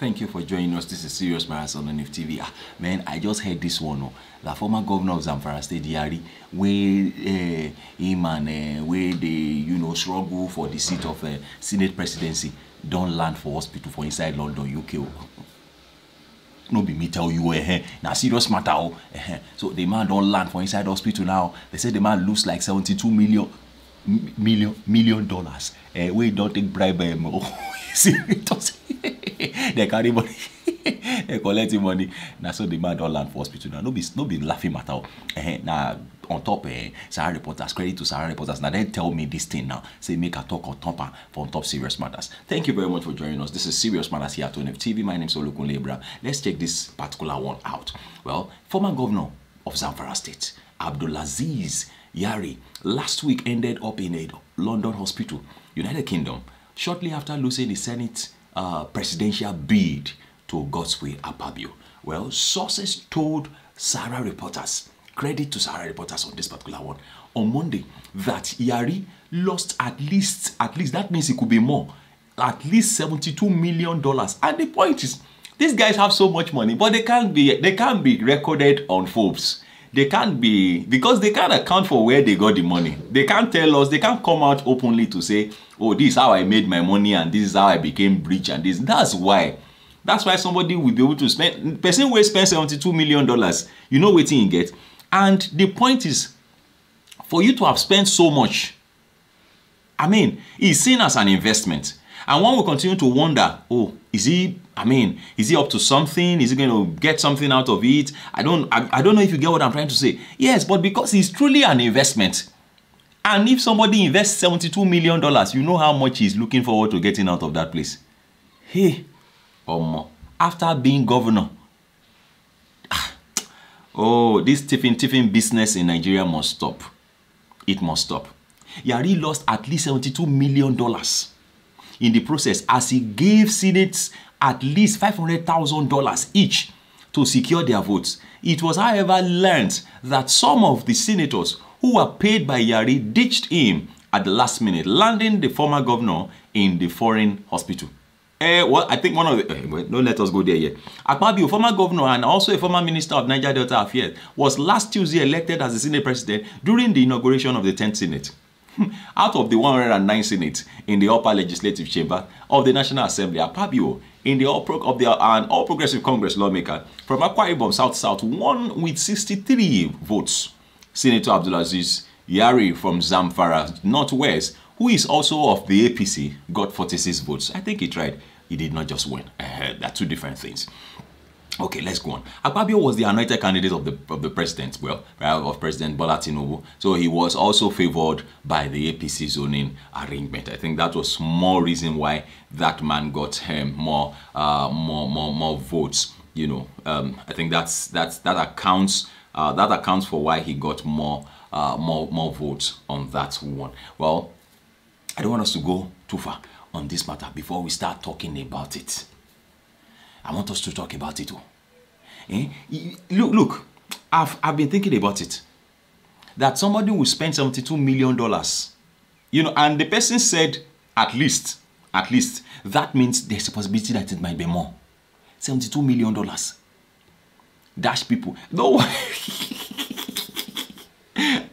Thank you for joining us. This is Serious Maras on NF TV. Ah, man, I just heard this one. Oh, the former governor of Zamfara State, Diari, where uh, him and uh, eh, where they, you know, struggle for the seat of uh, Senate presidency, don land for hospital for inside London, UK. Oh. no be me tell you eh, eh. na serious matter oh. Eh, so the man don land for inside hospital now. They say the man lose like seventy-two million million million dollars. Uh, wey don take bribe um, oh. see, they carry money they collect money Now, so the man don land for hospital now no be no be laughing matter o on top eh, Sahara reporters, credit to Sahara reporters. Now they tell me this thing now. Say make a talk on top ah, for on top serious matters. Thank you very much for joining us. This is Serious Matters here at ONF TV. My name is Olukun Lebra. Let's check this particular one out. Well, former governor of Zamfara State, Abdulaziz Yari, last week ended up in a London hospital, United Kingdom, shortly after losing the Senate uh, presidential bid to Godswill Apabio? Well, sources told Sahara reporters, credit to Sahara reporters on this particular one, on Monday that Yari lost at least, at least, that means it could be more, at least $72 million. And the point is, these guys have so much money, but they can't be, they can't be recorded on Forbes they can't be because they can't account for where they got the money they can't tell us they can't come out openly to say oh this is how i made my money and this is how i became rich and this that's why that's why somebody will be able to spend person will spend 72 million dollars you know what he get and the point is for you to have spent so much i mean e seen as an investment and one will continue to wonder oh is he I mean, is he up to something? Is he going to get something out of it? I don't, I, I don't know if you get what I'm trying to say. Yes, but because it's truly an investment. And if somebody invests $72 million, you know how much he's looking forward to getting out of that place. Hey, or After being governor, oh, this tiffin tiffin business in Nigeria must stop. It must stop. Yari lost at least $72 million in the process as he gave Senate at least five hundred thousand dollars each to secure their votes. It was, however, learned that some of the senators who were paid by Yari ditched him at the last minute, landing the former governor in the foreign hospital. Uh, well, I think one of the, uh, well, no, let us go there yet. Akpabio, former governor and also a former minister of Niger Delta Affairs, was last Tuesday elected as the Senate president during the inauguration of the 10th Senate. Hmm. Out of the 109 senators in the upper legislative chamber of the National Assembly, Apabio, in the all of the an all progressive Congress lawmaker from Akwa Ibom South South, won with 63 votes. Senator Abdulaziz Yari from Zamfara Northwest, who is also of the APC, got 46 votes. I think he tried. He did not just win. Uh, uh-huh. they're two different things. Okay, let's go on. Akpabio was the anointed candidate of the of the president, well, of President Bola Tinubu. So he was also favored by the APC zoning arrangement. I think that was more reason why that man got um, more, uh, more, more, more votes. You know, um, I think that's that's that accounts uh, that accounts for why he got more, uh, more, more votes on that one. Well, I don't want us to go too far on this matter before we start talking about it. I want us to talk about it. Too. Oh. Eh? Look, look, I've, I've been thinking about it. That somebody will spend $72 million. You know, and the person said, at least, at least, that means there's a possibility that it might be more. $72 million. Dash people. No.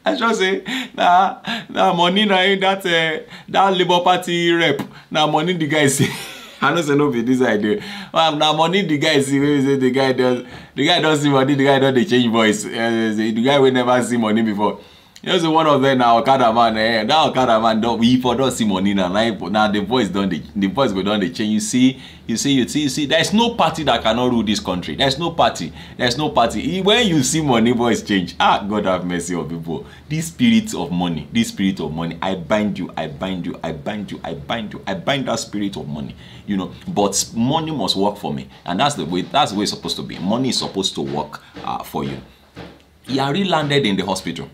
I just say na na money na that uh, that Labour Party rep na money the guy say i know say no be this idea. dey man money the guy see when be say the guy don the guy don see money the guy don dey change voice uh, the guy will never see money before here's the one of them na okada man eh that okada man don we for don see money na na na the voice don dey the voice go don dey change you see you see you see you see there is no party that cannot rule this country there is no party there is no party when you see money voice change ah god have mercy on people this spirit of money this spirit of money i bind you i bind you i bind you i bind you i bind that spirit of money you know but money must work for me and that's the way that's the way it's supposed to be money is supposed to work uh, for you yari landed in the hospital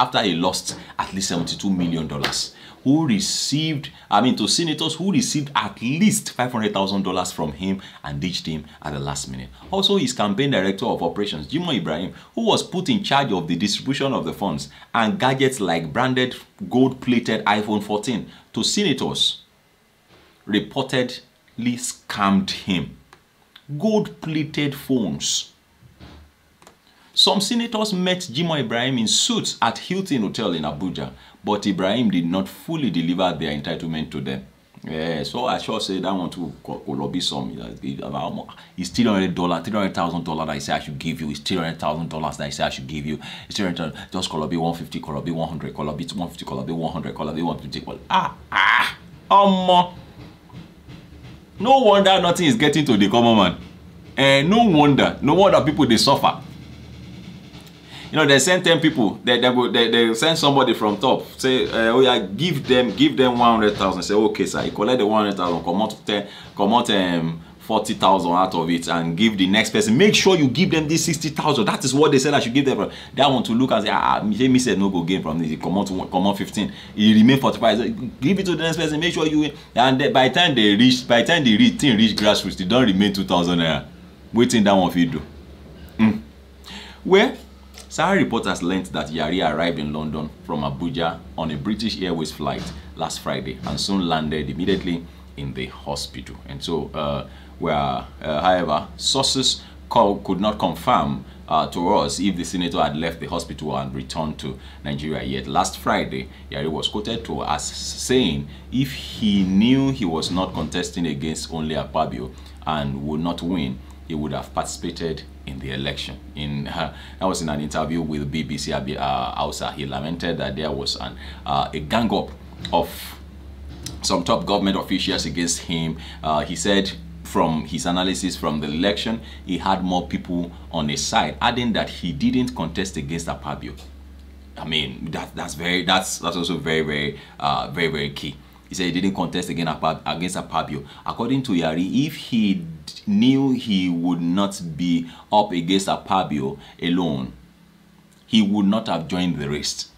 after he lost at least $72 million who received, I mean, to senators who received at least $500,000 from him and ditched him at the last minute. Also, his campaign director of operations, jimmy Ibrahim, who was put in charge of the distribution of the funds and gadgets like branded gold-plated iPhone 14 to senators, reportedly scammed him. Gold-plated phones Some senators met Jimoh Ibrahim in suits at Hilton Hotel in Abuja, but Ibrahim did not fully deliver their entitlement to them. Yeah, so I sure say that one too could lobby some. Uh, uh, it's three hundred dollar, three hundred thousand dollar that I say I should give you. It's three hundred thousand dollars that I say I should give you. It's three hundred just call up one fifty, call up one hundred, call up one fifty, call up one hundred, call up one fifty. Ah ah, um, no wonder nothing is getting to the common man. Uh, no wonder, no wonder people they suffer you know they send ten people they, they they, send somebody from top say uh, oh yeah give them give them thousand. say okay sir you collect the one hundred thousand. 10 ten, out um, thousand out of it and give the next person. Make sure you give them this sixty thousand. That is what they said I should give them. That one to look and say, ah, me said no go gain from this. Come on, fifteen. He remain forty five. give it to the next person. Make sure you And they, by the time they reach, by the time they reach, thing reach grassroots, they don't remain two thousand naira. Waiting that one for do. Mm. Where? Sahara reporters learned that Yari arrived in London from Abuja on a British Airways flight last Friday and soon landed immediately in the hospital. And so, uh, where, uh, however, sources call, could not confirm uh, to us if the senator had left the hospital and returned to Nigeria yet. Last Friday, Yari was quoted to as saying if he knew he was not contesting against only Apabio and would not win, he would have participated in the election. In uh, I was in an interview with BBC Abi uh, Ausa. He lamented that there was an uh, a gang up of some top government officials against him. Uh, he said from his analysis from the election, he had more people on his side, adding that he didn't contest against Apabio. I mean, that, that's very, that's, that's also very, very, uh, very, very key. He said he didn't contest again against Apabio. According to Yari, if he knew he would not be up against Apabio alone, he would not have joined the race.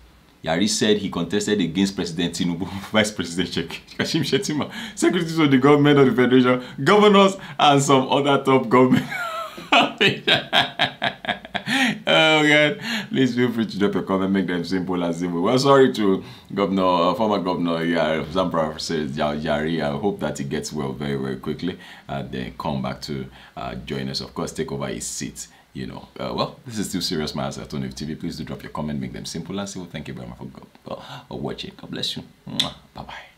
Yari said he contested against President Tinubu, Vice President Kashim Shetima, Secretaries of the Government of the Federation, governors, and some other top government. good. Please feel free to drop your comment, make them simple as simple. Well, sorry to Governor, uh, former Governor yeah, Zambra says Jari. I hope that he gets well very, very quickly and then come back to uh, join us. Of course, take over his seat. You know, uh, well, this is still Serious Matters at Tony TV. Please do drop your comment, make them simple and simple. Thank you very much for, God, for watching. God bless you. Bye-bye.